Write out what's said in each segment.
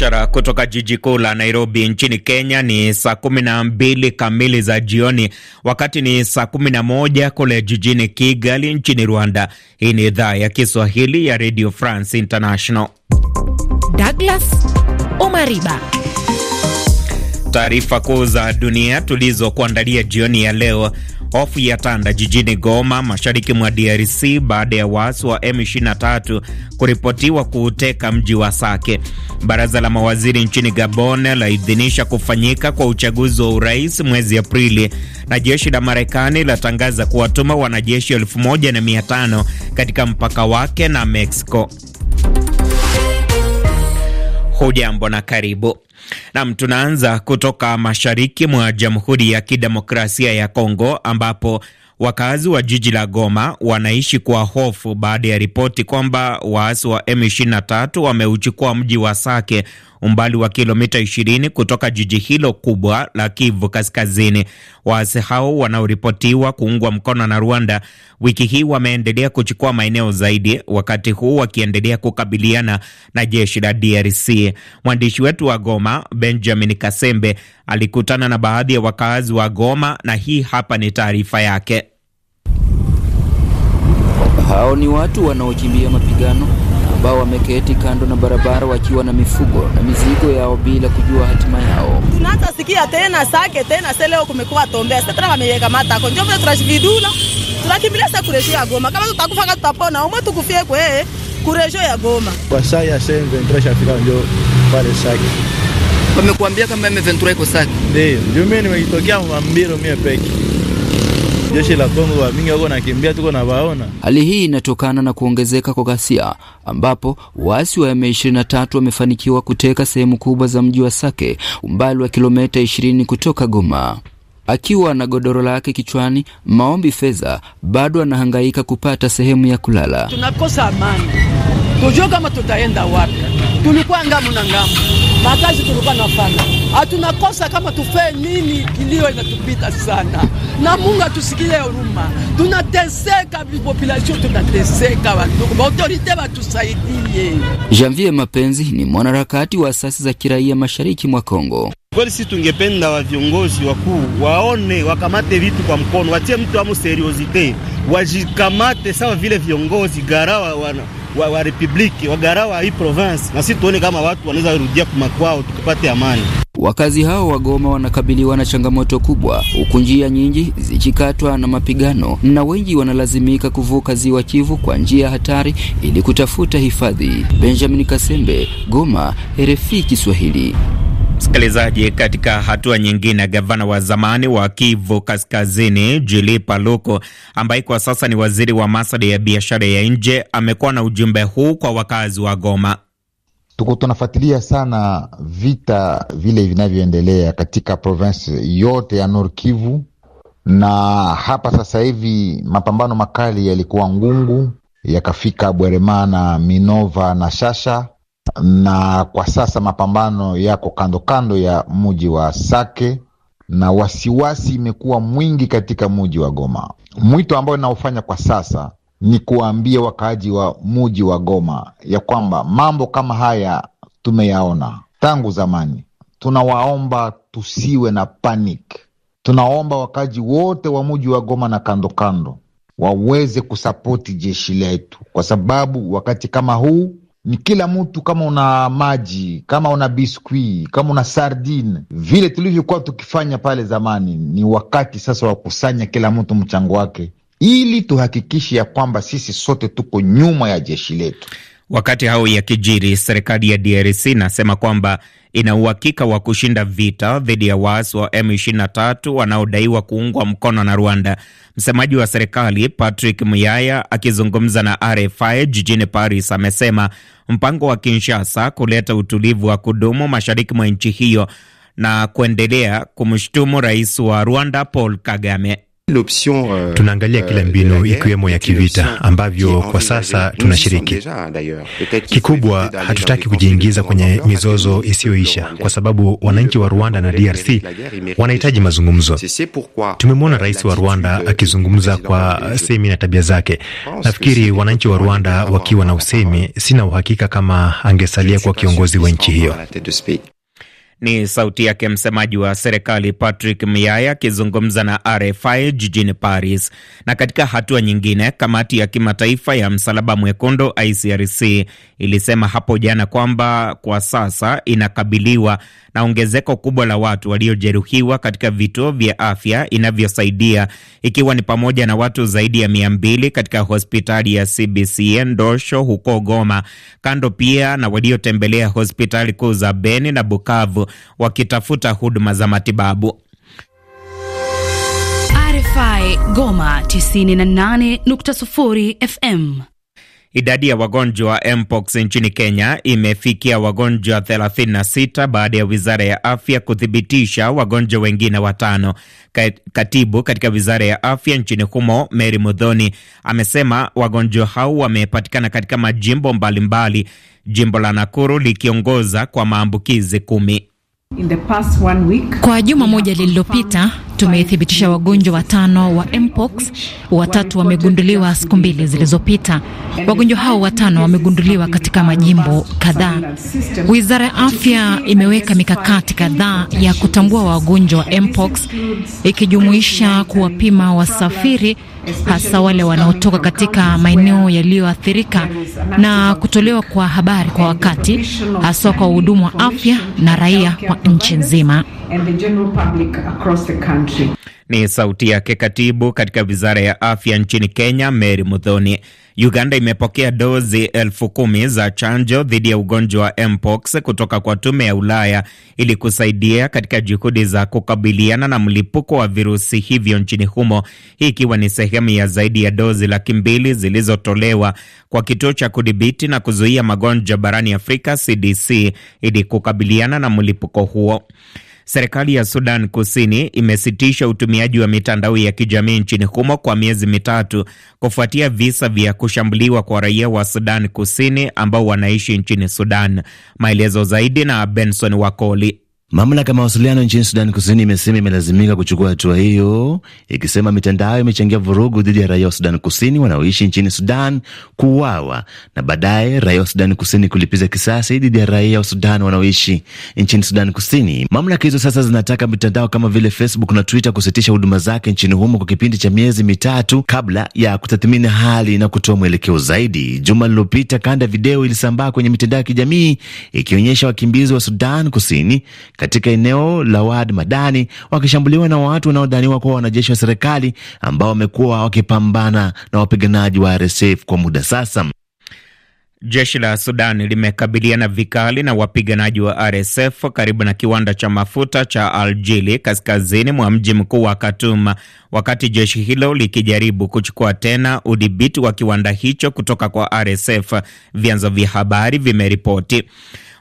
mubashara kutoka jiji kuu la Nairobi nchini Kenya. Ni saa kumi na mbili kamili za jioni, wakati ni saa kumi na moja kule jijini Kigali nchini Rwanda. Hii ni idhaa ya Kiswahili ya Radio France International. Douglas Omariba, taarifa kuu za dunia tulizokuandalia jioni ya leo. Hofu tanda jijini Goma, mashariki mwa DRC baada ya waasi wa M23 kuripotiwa kuuteka mji wa Sake. Baraza la mawaziri nchini Gabon laidhinisha kufanyika kwa uchaguzi wa urais mwezi Aprili, na jeshi la Marekani latangaza kuwatuma wanajeshi 1500 katika mpaka wake na Mexico. Hujambo na karibu. Nam, tunaanza kutoka mashariki mwa Jamhuri ya Kidemokrasia ya Kongo ambapo wakazi wa jiji la Goma wanaishi kwa hofu baada ya ripoti kwamba waasi wa M23 wameuchukua mji wa Sake umbali wa kilomita 20 kutoka jiji hilo kubwa la Kivu Kaskazini. Waasi hao wanaoripotiwa kuungwa mkono na Rwanda wiki hii wameendelea kuchukua maeneo zaidi, wakati huu wakiendelea kukabiliana na jeshi la DRC. Mwandishi wetu wa Goma, Benjamin Kasembe, alikutana na baadhi ya wakaazi wa Goma na hii hapa ni taarifa yake. Hao ni watu wanaokimbia mapigano ambao wameketi kando na barabara wakiwa na mifugo na mizigo yao bila kujua hatima yao. Tunaanza sikia tena sake tena sasa leo kumekuwa tombea sasa tena wameiweka mata kwa njoo tunashvidula tunakimbilia sasa kuresho ya Goma kama tutakufa kama tutapona umwe tukufie kwa yeye kuresho ya Goma kwa saa ya sembe ndresha afika njoo pale sake. Wamekuambia kama mimi ventura iko sake. Ndio, ndio mimi nimeitokea Mambiro mimi peke jeshi la Kongo mingi wako nakimbia, tuko na baona. Hali hii inatokana na kuongezeka kwa ghasia ambapo waasi wa M23 wamefanikiwa kuteka sehemu kubwa za mji wa Sake umbali wa kilomita 20 kutoka Goma. Akiwa na godoro lake kichwani, maombi fedha, bado anahangaika kupata sehemu ya kulala. Tunakosa amani, tujue kama tutaenda wapi. Tulikuwa ngamu na ngamu, makazi tulikuwa nafanya hatunakosa kama tufee nini kilio inatupita sana, na Mungu atusikie huruma. Tunateseka, population tunateseka, wandugu baautorite watusaidie. Janvier Mapenzi ni mwanaharakati wa asasi za kiraia mashariki mwa Kongo. Kweli si tungependa wa viongozi wakuu waone, wakamate vitu kwa mkono, watie mtu amu seriosite, wajikamate sawa vile viongozi wa, wana wa, wa republiki wagarawa hii province, na si tuone kama watu wanaweza rudia kumakwao tukipate amani. Wakazi hao wa Goma wanakabiliwa na changamoto kubwa, huku njia nyingi zikikatwa na mapigano na wengi wanalazimika kuvuka ziwa Kivu kwa njia hatari ili kutafuta hifadhi. Benjamin Kasembe, Goma, RFI Kiswahili. Msikilizaji, katika hatua nyingine, gavana wa zamani wa Kivu Kaskazini Jili Paluku, ambaye kwa sasa ni waziri wa masuala ya biashara ya nje, amekuwa na ujumbe huu kwa wakazi wa Goma tuko tunafuatilia sana vita vile vinavyoendelea katika province yote ya Nord Kivu, na hapa sasa hivi mapambano makali yalikuwa Ngungu, yakafika Bweremana, Minova na Shasha, na kwa sasa mapambano yako kando kando ya muji wa Sake na wasiwasi imekuwa mwingi katika muji wa Goma. Mwito ambao inaofanya kwa sasa ni kuwaambia wakaaji wa muji wa Goma ya kwamba mambo kama haya tumeyaona tangu zamani. Tunawaomba tusiwe na panic. Tunaomba wakaaji wote wa muji wa Goma na kando kando waweze kusapoti jeshi letu, kwa sababu wakati kama huu ni kila mtu, kama una maji, kama una biskwi, kama una sardine, vile tulivyokuwa tukifanya pale zamani, ni wakati sasa wa kusanya kila mtu mchango wake ili tuhakikishe ya kwamba sisi sote tuko nyuma ya jeshi letu. Wakati hao ya kijiri, serikali ya DRC inasema kwamba ina uhakika wa kushinda vita dhidi ya waasi wa M23 wanaodaiwa kuungwa mkono na Rwanda. Msemaji wa serikali Patrick Muyaya akizungumza na RFI jijini Paris amesema mpango wa Kinshasa kuleta utulivu wa kudumu mashariki mwa nchi hiyo na kuendelea kumshutumu rais wa Rwanda Paul Kagame. Euh, Tunaangalia kila euh, mbinu ikiwemo ya kivita ambavyo kwa sasa tunashiriki. Kikubwa, hatutaki kujiingiza kwenye mizozo isiyoisha, kwa sababu wananchi wa Rwanda na DRC wanahitaji mazungumzo. Tumemwona rais wa Rwanda akizungumza kwa semi na tabia zake. Nafikiri wananchi wa Rwanda wakiwa na usemi, sina uhakika kama angesalia kuwa kiongozi wa nchi hiyo. Ni sauti yake msemaji wa serikali Patrick myaya akizungumza na RFI jijini Paris. Na katika hatua nyingine, kamati ya kimataifa ya msalaba mwekundu ICRC ilisema hapo jana kwamba kwa sasa inakabiliwa na ongezeko kubwa la watu waliojeruhiwa katika vituo vya afya inavyosaidia, ikiwa ni pamoja na watu zaidi ya mia mbili katika hospitali ya cbc e Ndosho huko Goma, kando pia na waliotembelea hospitali kuu za Beni na Bukavu wakitafuta huduma za matibabu. RFI Goma 98.0 FM. Idadi ya wagonjwa wa mpox nchini Kenya imefikia wagonjwa 36 baada ya wizara ya afya kuthibitisha wagonjwa wengine watano. Katibu katika wizara ya afya nchini humo Mary Mudhoni amesema wagonjwa hao wamepatikana katika majimbo mbalimbali, jimbo la Nakuru likiongoza kwa maambukizi kumi kwa juma moja lililopita tumethibitisha wagonjwa watano wa mpox, watatu wamegunduliwa siku mbili zilizopita. Wagonjwa hao watano wamegunduliwa katika majimbo kadhaa. Wizara ya Afya imeweka mikakati kadhaa ya kutambua wagonjwa wa mpox, ikijumuisha kuwapima wasafiri hasa wale wanaotoka katika maeneo yaliyoathirika na kutolewa kwa habari kwa wakati, haswa kwa wahudumu wa afya na raia wa nchi nzima. Ni sauti yake katibu katika wizara ya afya nchini Kenya, Mary mudhoni Uganda imepokea dozi elfu kumi za chanjo dhidi ya ugonjwa wa mpox kutoka kwa tume ya Ulaya ili kusaidia katika juhudi za kukabiliana na mlipuko wa virusi hivyo nchini humo, hii ikiwa ni sehemu ya zaidi ya dozi laki mbili zilizotolewa kwa kituo cha kudhibiti na kuzuia magonjwa barani Afrika, CDC, ili kukabiliana na mlipuko huo. Serikali ya Sudan Kusini imesitisha utumiaji wa mitandao ya kijamii nchini humo kwa miezi mitatu kufuatia visa vya kushambuliwa kwa raia wa Sudan Kusini ambao wanaishi nchini Sudan. Maelezo zaidi na Benson Wakoli. Mamlaka ya mawasiliano nchini Sudani Kusini imesema imelazimika kuchukua hatua hiyo, ikisema mitandao imechangia vurugu dhidi ya raia wa Sudani Kusini wanaoishi nchini Sudan kuuawa na baadaye raia wa Sudani Kusini kulipiza kisasi dhidi ya raia wa Sudan wanaoishi nchini Sudani Kusini. Mamlaka hizo sasa zinataka mitandao kama vile Facebook na Twitter kusitisha huduma zake nchini humo kwa kipindi cha miezi mitatu kabla ya kutathmini hali na kutoa mwelekeo zaidi. Juma lililopita, kanda video ilisambaa kwenye mitandao ya kijamii ikionyesha wakimbizi wa Sudan Kusini katika eneo la Wad Madani wakishambuliwa na watu wanaodhaniwa kuwa wanajeshi wa serikali ambao wamekuwa wakipambana na wapiganaji wa RSF kwa muda sasa. Jeshi la Sudan limekabiliana vikali na wapiganaji wa RSF karibu na kiwanda cha mafuta cha Aljili kaskazini mwa mji mkuu wa Khartoum, wakati jeshi hilo likijaribu kuchukua tena udhibiti wa kiwanda hicho kutoka kwa RSF, vyanzo vya habari vimeripoti.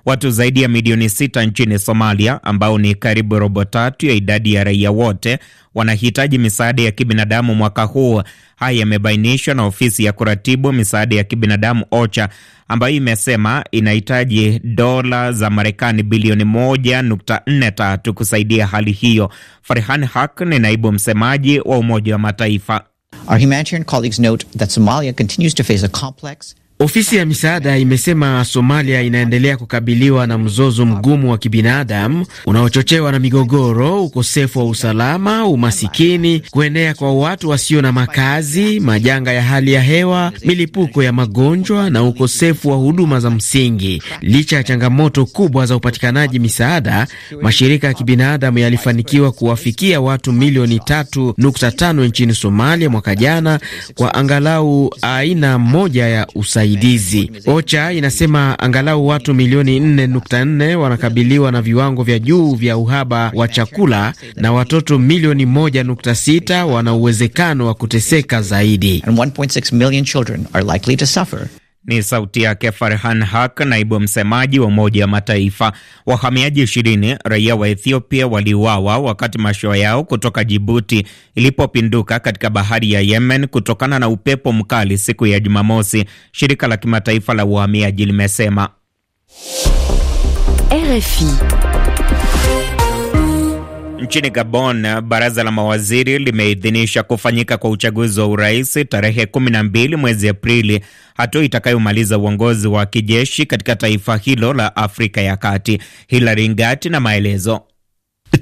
Watu zaidi ya milioni sita nchini Somalia, ambao ni karibu robo tatu ya idadi ya raia wote, wanahitaji misaada ya kibinadamu mwaka huu. Haya yamebainishwa na ofisi ya kuratibu misaada ya kibinadamu OCHA, ambayo imesema inahitaji dola za Marekani bilioni 1.43 kusaidia hali hiyo. Farhan hak ni naibu msemaji wa Umoja wa Mataifa. Our humanitarian colleagues note that Somalia continues to face a complex Ofisi ya misaada imesema Somalia inaendelea kukabiliwa na mzozo mgumu wa kibinadamu unaochochewa na migogoro, ukosefu wa usalama, umasikini, kuenea kwa watu wasio na makazi, majanga ya hali ya hewa, milipuko ya magonjwa na ukosefu wa huduma za msingi. Licha ya changamoto kubwa za upatikanaji misaada, mashirika ya kibinadamu yalifanikiwa kuwafikia watu milioni 3.5 nchini Somalia mwaka jana kwa angalau aina moja ya usaidizi usaidizi. OCHA inasema angalau watu milioni 4.4 wanakabiliwa na viwango vya juu vya uhaba wa chakula na watoto milioni 1.6 wana uwezekano wa kuteseka zaidi. Ni sauti yake Farhan hak naibu msemaji wa Umoja wa Mataifa. Wahamiaji ishirini raia wa Ethiopia waliuawa wakati mashua yao kutoka Jibuti ilipopinduka katika bahari ya Yemen kutokana na upepo mkali siku ya Jumamosi, shirika la kimataifa la uhamiaji limesema. RFI Nchini Gabon, baraza la mawaziri limeidhinisha kufanyika kwa uchaguzi wa urais tarehe 12 mwezi Aprili, hatua itakayomaliza uongozi wa kijeshi katika taifa hilo la Afrika ya Kati. Hilary Ngati na maelezo.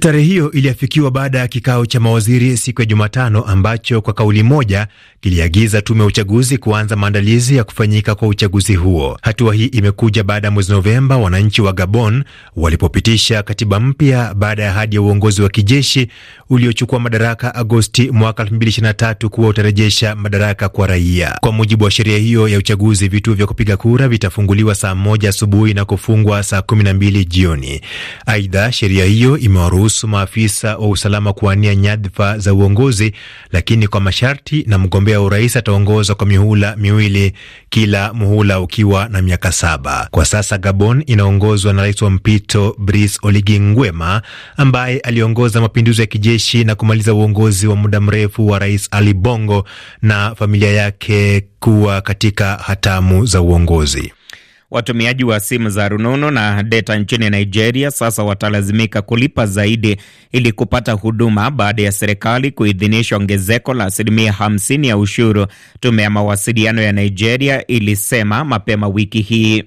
Tarehe hiyo iliafikiwa baada ya kikao cha mawaziri siku ya Jumatano ambacho kwa kauli moja kiliagiza tume ya uchaguzi kuanza maandalizi ya kufanyika kwa uchaguzi huo. Hatua hii imekuja baada ya mwezi Novemba wananchi wa Gabon walipopitisha katiba mpya baada ya hadi ya uongozi wa kijeshi uliochukua madaraka Agosti mwaka 2023 kuwa utarejesha madaraka kwa raia. Kwa mujibu wa sheria hiyo ya uchaguzi, vituo vya kupiga kura vitafunguliwa saa moja asubuhi na kufungwa saa mbili jioni. Aidha, sheria hiyo imewaruhusu maafisa wa usalama kuwania nyadhifa za uongozi, lakini kwa masharti na mgombea mgombea urais ataongoza kwa mihula miwili, kila muhula ukiwa na miaka saba. Kwa sasa Gabon inaongozwa na rais wa mpito Brice oligi Nguema ambaye aliongoza mapinduzi ya kijeshi na kumaliza uongozi wa muda mrefu wa rais Ali Bongo na familia yake kuwa katika hatamu za uongozi. Watumiaji wa simu za rununu na deta nchini Nigeria sasa watalazimika kulipa zaidi ili kupata huduma baada ya serikali kuidhinisha ongezeko la asilimia 50 ya ushuru, tume ya mawasiliano ya Nigeria ilisema mapema wiki hii.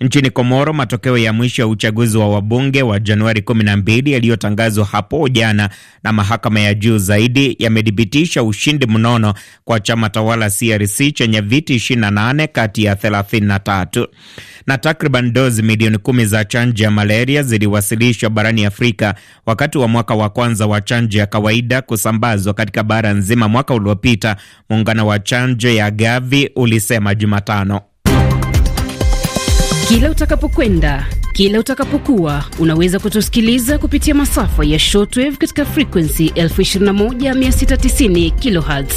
Nchini Komoro, matokeo ya mwisho ya uchaguzi wa wabunge wa Januari 12 yaliyotangazwa hapo jana na mahakama ya juu zaidi yamedhibitisha ushindi mnono kwa chama tawala CRC chenye viti 28 kati ya 33. Na takriban dozi milioni kumi za chanjo ya malaria ziliwasilishwa barani Afrika wakati wa mwaka wa kwanza wa chanjo ya kawaida kusambazwa katika bara nzima mwaka uliopita, muungano wa chanjo ya Gavi ulisema Jumatano. Kila utakapokwenda, kila utakapokuwa, unaweza kutusikiliza kupitia masafa ya shortwave katika frequency 21690 kHz,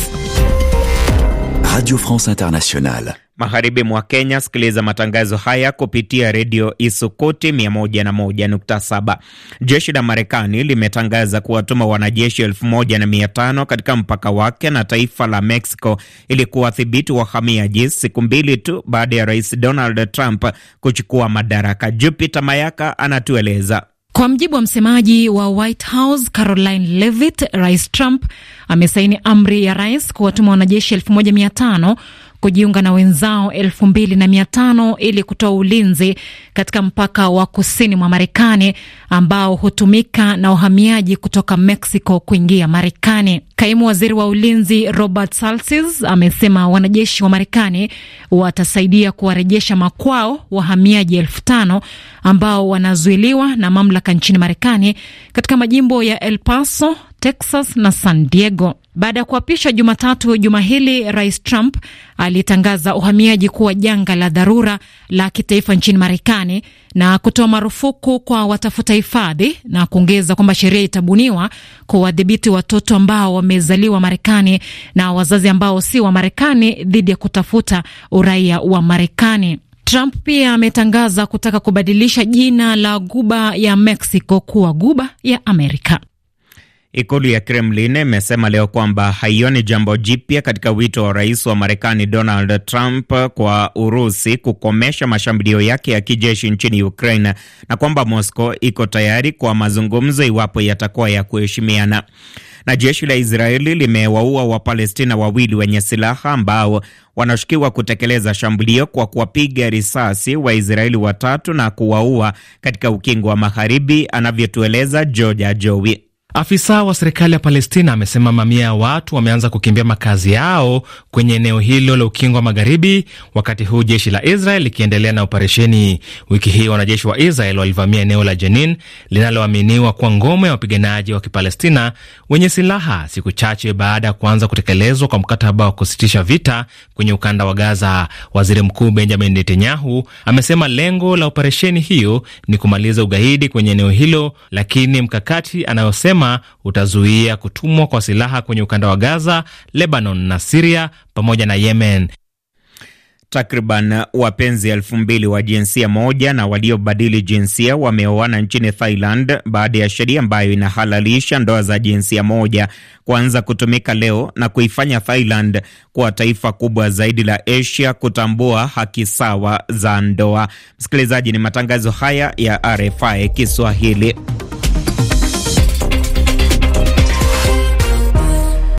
Radio France Internationale magharibi mwa Kenya. Sikiliza matangazo haya kupitia redio Isukuti 101.7. Jeshi la Marekani limetangaza kuwatuma wanajeshi 1500 katika mpaka wake na taifa la Mexico ili kuwadhibiti wahamiaji, siku mbili tu baada ya rais Donald Trump kuchukua madaraka. Jupiter Mayaka anatueleza. Kwa mjibu wa msemaji wa White House Caroline Levitt, Rais Trump amesaini amri ya rais kuwatuma wanajeshi 1500 kujiunga na wenzao elfu mbili na mia tano ili kutoa ulinzi katika mpaka wa kusini mwa Marekani ambao hutumika na uhamiaji kutoka Mexico kuingia Marekani. Kaimu waziri wa ulinzi Robert Salsis amesema wanajeshi wa Marekani watasaidia kuwarejesha makwao wahamiaji elfu tano ambao wanazuiliwa na mamlaka nchini Marekani katika majimbo ya El Paso, Texas na San Diego. Baada ya kuapishwa Jumatatu juma hili, Rais Trump alitangaza uhamiaji kuwa janga la dharura la kitaifa nchini Marekani na kutoa marufuku kwa watafuta hifadhi na kuongeza kwamba sheria itabuniwa kuwadhibiti watoto ambao wamezaliwa Marekani na wazazi ambao si wa Marekani dhidi ya kutafuta uraia wa Marekani. Trump pia ametangaza kutaka kubadilisha jina la guba ya Mexico kuwa guba ya Amerika. Ikulu ya Kremlin imesema leo kwamba haioni jambo jipya katika wito wa rais wa Marekani Donald Trump kwa Urusi kukomesha mashambulio yake ya kijeshi nchini Ukraine na kwamba Moscow iko tayari kwa mazungumzo iwapo yatakuwa ya kuheshimiana. Na jeshi la Israeli limewaua Wapalestina wawili wenye silaha ambao wanashukiwa kutekeleza shambulio kwa kuwapiga risasi Waisraeli watatu na kuwaua katika ukingo wa Magharibi, anavyotueleza Georgia Jowi. Afisa wa serikali ya Palestina amesema mamia ya watu wameanza kukimbia makazi yao kwenye eneo hilo la ukingo wa magharibi, wakati huu jeshi la Israel likiendelea na operesheni. Wiki hii wanajeshi wa Israel walivamia eneo la Jenin linaloaminiwa kuwa ngome ya wapiganaji wa Kipalestina wenye silaha, siku chache baada ya kuanza kutekelezwa kwa mkataba wa kusitisha vita kwenye ukanda wa Gaza. Waziri Mkuu Benjamin Netanyahu amesema lengo la operesheni hiyo ni kumaliza ugaidi kwenye eneo hilo, lakini mkakati anayosema amesema utazuia kutumwa kwa silaha kwenye ukanda wa Gaza, Lebanon na Siria pamoja na Yemen. Takriban wapenzi elfu mbili wa jinsia moja na waliobadili jinsia wameoana nchini Thailand baada ya sheria ambayo inahalalisha ndoa za jinsia moja kuanza kutumika leo na kuifanya Thailand kuwa taifa kubwa zaidi la Asia kutambua haki sawa za ndoa. Msikilizaji, ni matangazo haya ya RFI Kiswahili.